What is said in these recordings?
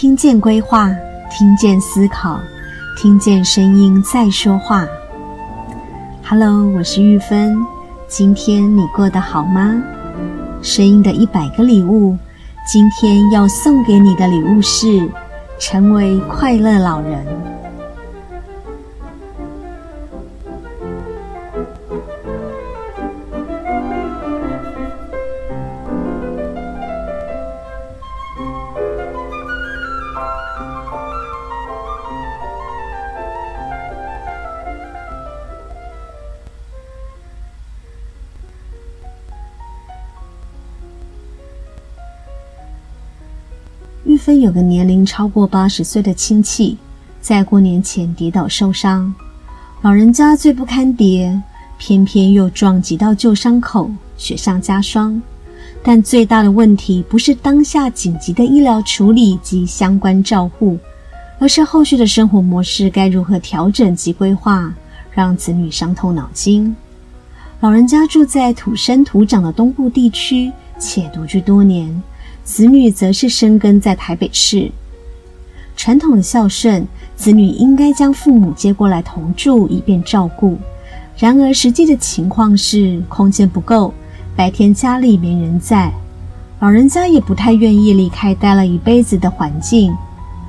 聽見規劃，聽見思考，聽見聲音在說話。哈嘍，我是玉芬，今天你過得好嗎？聲音的一百個禮物，今天要送給你的禮物是成為快樂老人。有個年齡超過八十歲的親戚，在過年前跌倒受傷，老人家最不堪跌，偏偏又撞擊到舊傷口，雪上加霜。但最大的問題不是當下緊急的醫療處理及相關照護，而是後續的生活模式該如何調整及規劃，讓子女傷透腦筋。老人家住在土生土長的東部地區，且獨居多年。子女則是生根在台北市。傳統的孝順，子女應該將父母接過來同住，以便照顧。然而實際的情況是，空間不夠，白天家裡沒人在，老人家也不太願意離開待了一輩子的環境。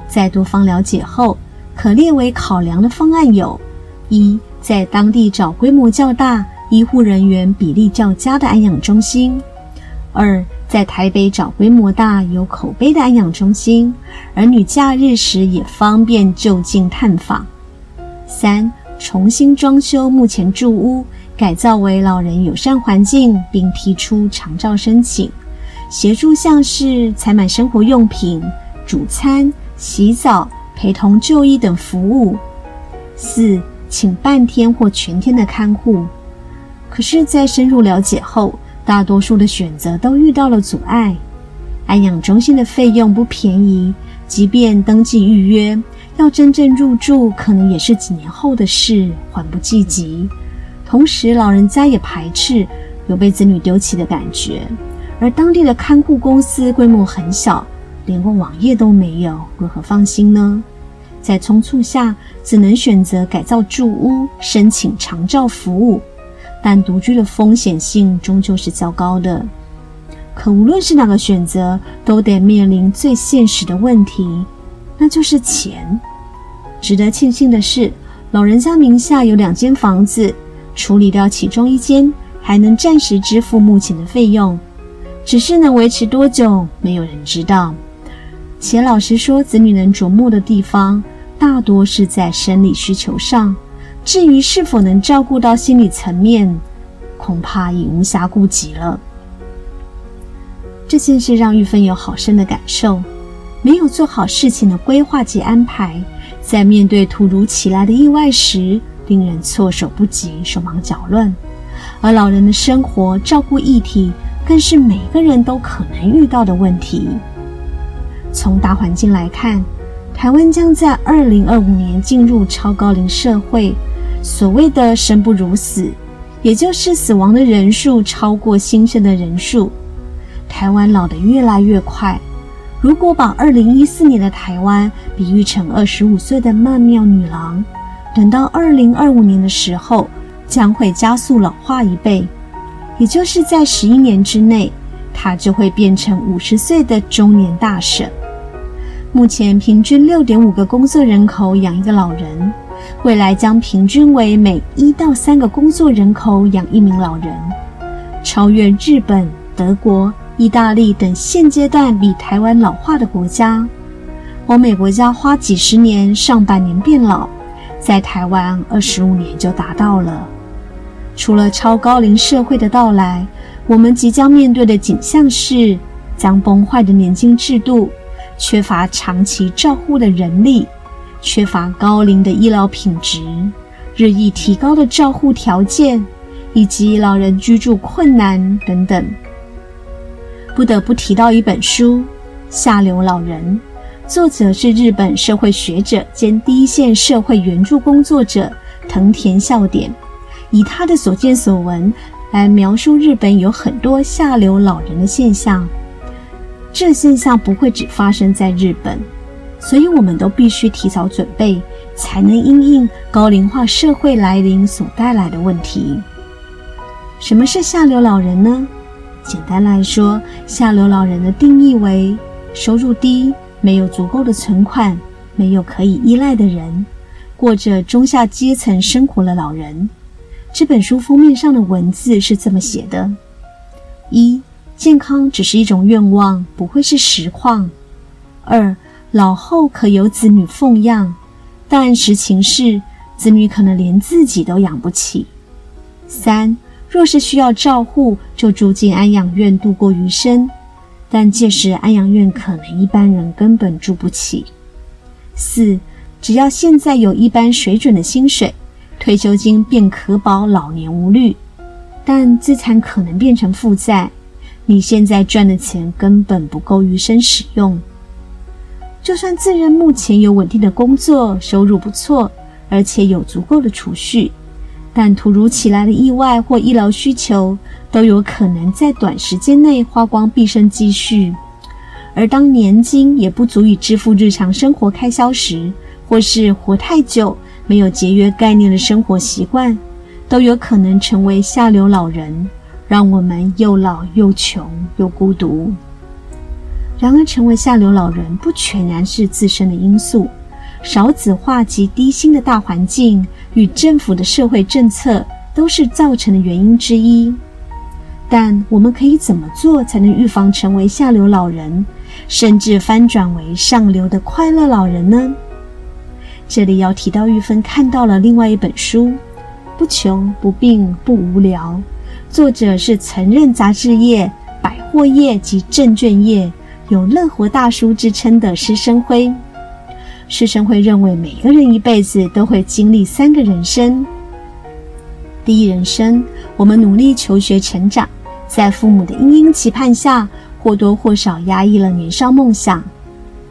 在多方了解後，可列為考量的方案有：一、在當地找規模較大、醫護人員比例較佳的安養中心；二、在台北找規模大、有口碑的安養中心，兒女假日時也方便就近探訪。三、重新裝修目前住屋，改造為老人友善環境，並提出長照申請，協助像是採買生活用品、煮餐、洗澡、陪同就醫等服務。四、請半天或全天的看護。可是，在深入了解後，大多數的選擇都遇到了阻礙，安養中心的費用不便宜，即便登記預約，要真正入住可能也是幾年後的事，緩不濟急，同時，老人家也排斥有被子女丟棄的感覺，而當地的看護公司規模很小，連個網頁都沒有，如何放心呢？在匆促下，只能選擇改造住屋，申請長照服務。但獨居的風險性終究是較高的。可無論是哪個選擇，都得面臨最現實的問題，那就是錢。值得慶幸的是，老人家名下有兩間房子，處理掉其中一間，還能暫時支付目前的費用。只是能維持多久，沒有人知道。且老實說，子女能琢磨的地方，大多是在生理需求上。至於是否能照顧到心理層面，恐怕已無暇顧及了。這件事讓玉芬有好深的感受，沒有做好事情的規劃及安排，在面對突如其來的意外時，令人措手不及、手忙腳亂。而老人的生活照顧議題，更是每個人都可能遇到的問題。從大環境來看，台灣將在2025年進入超高齡社會。所謂的生不如死，也就是死亡的人數超過新生的人數。台灣老得越來越快。如果把2014年的台灣比喻成25歲的曼妙女郎，等到2025年的時候，將會加速老化一倍，也就是在十一年之內，她就會變成50歲的中年大嬸。目前平均6.5個工作人口養一個老人。未來將平均為每一到三個工作人口養一名老人，超越日本、德國、意大利等現階段比台灣老化的國家。歐美國家花幾十年、上百年變老，在台灣二十五年就達到了。除了超高齡社會的到來，我們即將面對的景象是將崩壞的年金制度、缺乏長期照護的人力。缺乏高齡的醫療品質，日益提高的照護條件，以及老人居住困難等等，不得不提到一本書《下流老人》，作者是日本社會學者兼第一線社會援助工作者藤田孝典，以他的所見所聞來描述日本有很多下流老人的現象。這現象不會只發生在日本。所以，我們都必須提早準備，才能因應高齡化社會來臨所帶來的問題。什麼是下流老人呢？簡單來說，下流老人的定義為：收入低、沒有足夠的存款、沒有可以依賴的人，過着中下階層生活的老人。這本書封面上的文字是這麼寫的：一、健康只是一種願望，不會是實況；二、老後可由子女奉養，但實情是，子女可能連自己都養不起。三、若是需要照護，就住進安養院度過餘生，但屆時安養院可能一般人根本住不起。四、只要現在有一般水準的薪水，退休金便可保老年無慮，但資產可能變成負債，你現在賺的錢根本不夠餘生使用。就算自認目前有穩定的工作，收入不錯，而且有足夠的儲蓄，但突如其來的意外或醫療需求，都有可能在短時間內花光畢生積蓄。而當年金也不足以支付日常生活開銷時，或是活太久沒有節約概念的生活習慣，都有可能成為下流老人，讓我們又老又窮又孤獨。然而，成為下流老人不全然是自身的因素，少子化及低薪的大環境與政府的社會政策都是造成的原因之一。但我們可以怎麼做才能預防成為下流老人，甚至翻轉為上流的快樂老人呢？這裡要提到玉芬看到了另外一本書，不窮《不窮不病不無聊》，作者是曾任雜誌業、百貨業及證券業。有“樂活大叔”之稱的施昇輝，施昇輝認為，每個人一輩子都會經歷三個人生：第一人生，我們努力求學成長，在父母的殷殷期盼下，或多或少壓抑了年少夢想；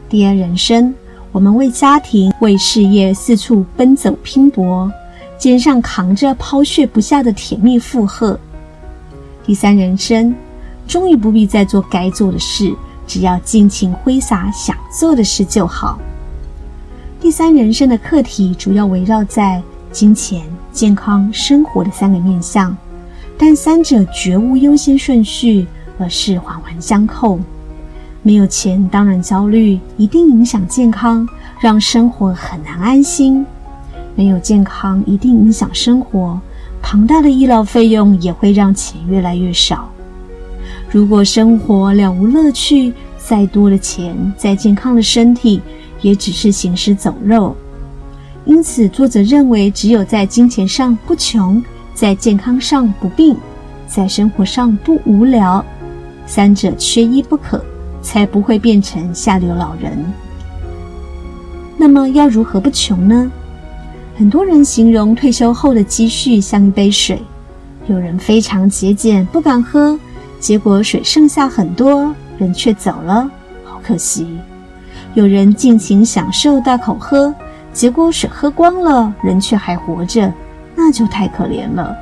第二人生，我們為家庭、為事業四處奔走拼搏，肩上扛着拋卻不下的甜蜜負荷；第三人生，終於不必再做該做的事。只要盡情揮灑想做的事就好。第三人生的課題主要圍繞在金錢、健康、生活的三個面向，但三者絕無優先順序，而是環環相扣。沒有錢當然焦慮，一定影響健康，讓生活很難安心；沒有健康一定影響生活，龐大的醫療費用也會讓錢越來越少。如果生活了無樂趣，再多的錢，再健康的身體，也只是行屍走肉。因此，作者認為，只有在金錢上不窮，在健康上不病，在生活上不無聊，三者缺一不可，才不會變成下流老人。那麼，要如何不窮呢？很多人形容退休後的積蓄像一杯水，有人非常節儉，不敢喝。結果水剩下很多，人卻走了，好可惜。有人盡情享受大口喝，結果水喝光了，人卻還活着，那就太可憐了。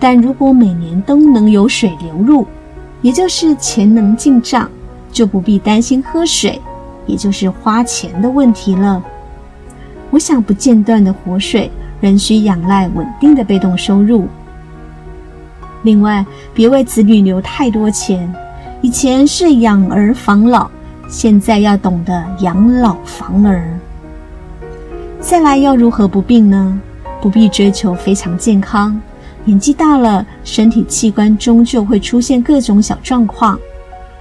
但如果每年都能有水流入，也就是錢能進賬，就不必擔心喝水，也就是花錢的問題了。我想不間斷的活水，仍需仰賴穩定的被動收入。另外，別為子女留太多錢。以前是養兒防老，現在要懂得養老防兒。再來，要如何不病呢？不必追求非常健康。年紀大了，身體器官終究會出現各種小狀況。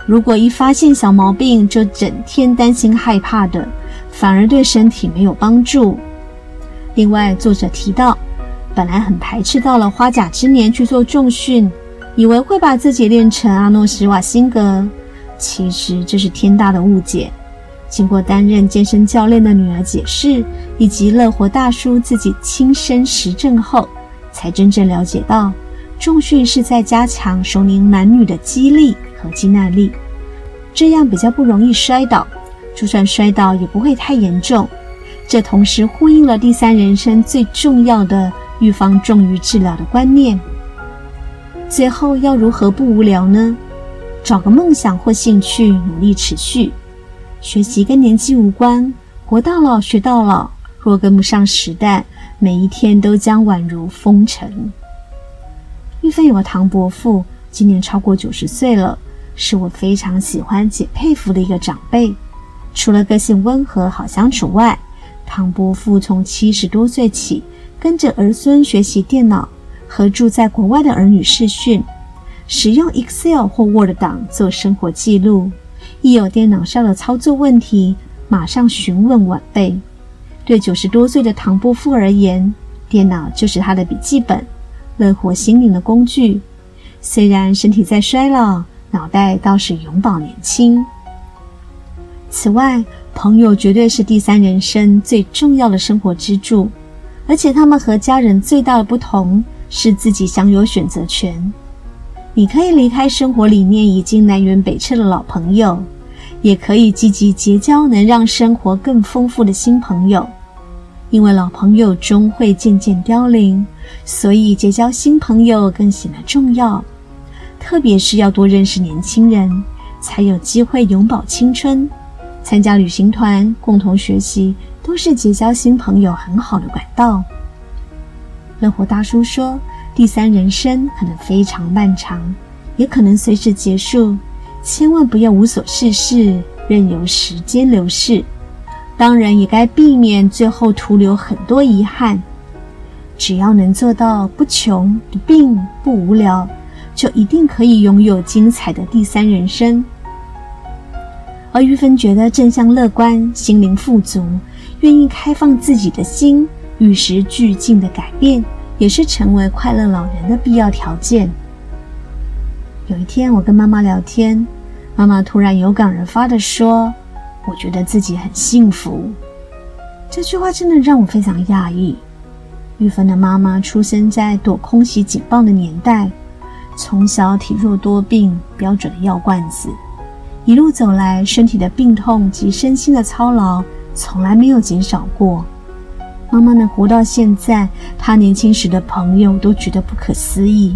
如果一發現小毛病，就整天擔心害怕的，反而對身體沒有幫助。另外，作者提到。本來很排斥到了花甲之年去做重訓，以為會把自己練成阿諾施瓦辛格，其實這是天大的誤解。經過擔任健身教練的女兒解釋，以及樂活大叔自己親身實證後，才真正了解到重訓是在加強熟齡男女的肌力和肌耐力，這樣比較不容易摔倒，就算摔倒也不會太嚴重。這同時呼應了第三人生最重要的。預防重於治療的觀念。最後要如何不無聊呢？找個夢想或興趣，努力持續。學習跟年紀無關，活到老學到老。若跟不上時代，每一天都將宛如封城。玉芬有個唐伯父，今年超過九十歲了，是我非常喜歡且佩服的一個長輩。除了個性溫和好相處外，唐伯父從七十多歲起。跟着兒孫學習電腦，和住在國外的兒女視訊，使用 Excel 或 Word 檔做生活記錄。一有電腦上的操作問題，馬上詢問晚輩。對九十多歲的唐伯父而言，電腦就是他的筆記本，樂活心靈的工具。雖然身體在衰老，腦袋倒是永保年輕。此外，朋友絕對是第三人生最重要的生活支柱。而且他們和家人最大的不同是自己享有選擇權。你可以離開生活理念已經南轅北轍的老朋友，也可以積極結交能讓生活更豐富的新朋友。因為老朋友終會漸漸凋零，所以結交新朋友更顯得重要。特別是要多認識年輕人，才有機會永葆青春。參加旅行團，共同學習。都是結交新朋友很好的管道。樂活大叔說，第三人生可能非常漫長，也可能隨時結束，千萬不要無所事事，任由時間流逝。當然，也該避免最後徒留很多遺憾。只要能做到不窮、不病、不無聊，就一定可以擁有精彩的第三人生。而玉芬覺得正向樂觀，心靈富足。願意開放自己的心，與時俱進的改變，也是成為快樂老人的必要條件。有一天，我跟媽媽聊天，媽媽突然有感而發的說：“我覺得自己很幸福。”這句話真的讓我非常訝異。玉芬的媽媽出生在躲空襲警報的年代，從小體弱多病，標準的藥罐子，一路走來，身體的病痛及身心的操勞。從來沒有減少過。媽媽能活到現在，她年輕時的朋友都覺得不可思議。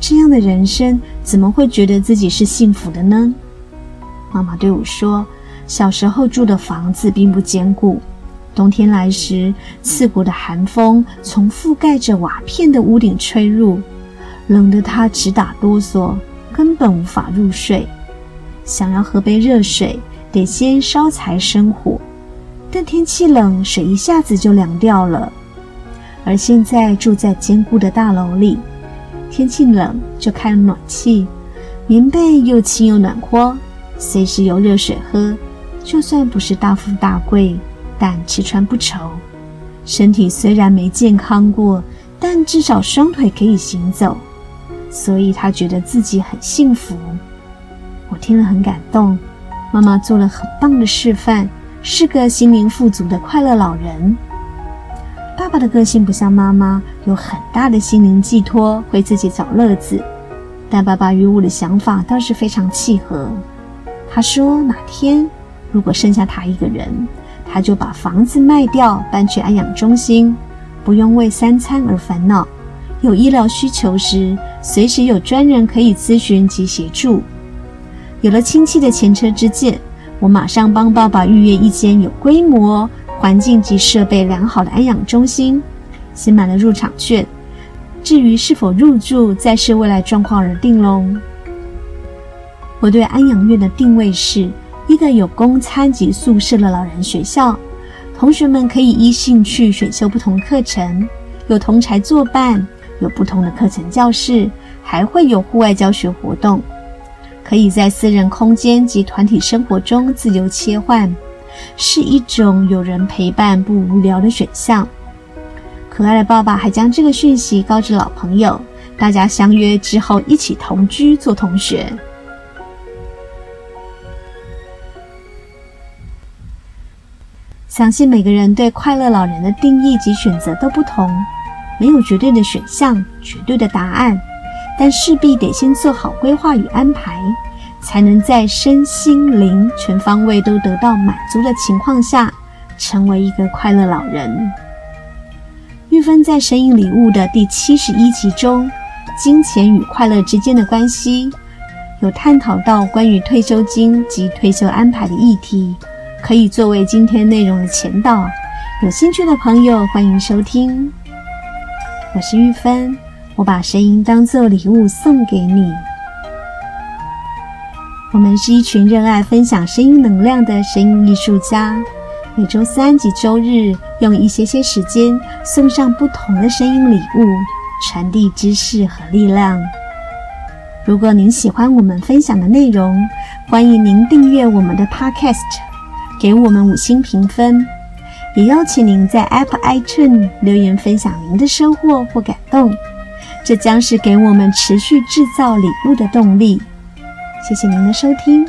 這樣的人生，怎麼會覺得自己是幸福的呢？媽媽對我說：“小時候住的房子並不堅固，冬天來時，刺骨的寒風從覆蓋着瓦片的屋頂吹入，冷得她直打哆嗦，根本無法入睡。想要喝杯熱水，得先燒柴生火。”但天氣冷，水一下子就涼掉了。而現在住在堅固的大樓裡，天氣冷就開了暖氣，棉被又輕又暖和，隨時有熱水喝。就算不是大富大貴，但吃穿不愁，身體雖然沒健康過，但至少雙腿可以行走，所以他覺得自己很幸福。我聽了很感動，媽媽做了很棒的示範。是個心靈富足的快樂老人。爸爸的個性不像媽媽，有很大的心靈寄托，會自己找樂子。但爸爸與我的想法倒是非常契合。他說，哪天如果剩下他一個人，他就把房子賣掉，搬去安養中心，不用為三餐而煩惱。有醫療需求時，隨時有專人可以諮詢及協助。有了親戚的前車之鑑。我馬上幫爸爸預約一間有規模、環境及設備良好的安養中心，先買了入場券。至於是否入住，再視未來狀況而定嘍。我對安養院的定位是一個有供餐及宿舍的老人學校，同學們可以依興趣選修不同課程，有同儕作伴，有不同的課程教室，還會有戶外教學活動。可以在私人空間及團體生活中自由切換，是一種有人陪伴不無聊的選項。可愛的爸爸還將這個訊息告知老朋友，大家相約之後一起同居做同學。相信每個人對快樂老人的定義及選擇都不同，沒有絕對的選項，絕對的答案。但勢必得先做好規劃與安排，才能在身心靈全方位都得到滿足的情況下，成為一個快樂老人。玉芬在《神隱禮物》的第七十一集中，金錢與快樂之間的關係，有探討到關於退休金及退休安排的議題，可以作為今天內容的前導。有興趣的朋友，歡迎收聽。我是玉芬。我把聲音當作禮物送給你。我們是一群熱愛分享聲音能量的聲音藝術家。每周三及周日，用一些些時間送上不同的聲音禮物，傳遞知識和力量。如果您喜歡我們分享的內容，歡迎您訂閱我們的 Podcast，給我們五星評分，也邀請您在 Apple iTunes 留言分享您的收穫或感動。這將是給我們持續製造禮物的動力。謝謝您的收聽，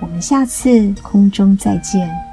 我們下次空中再見。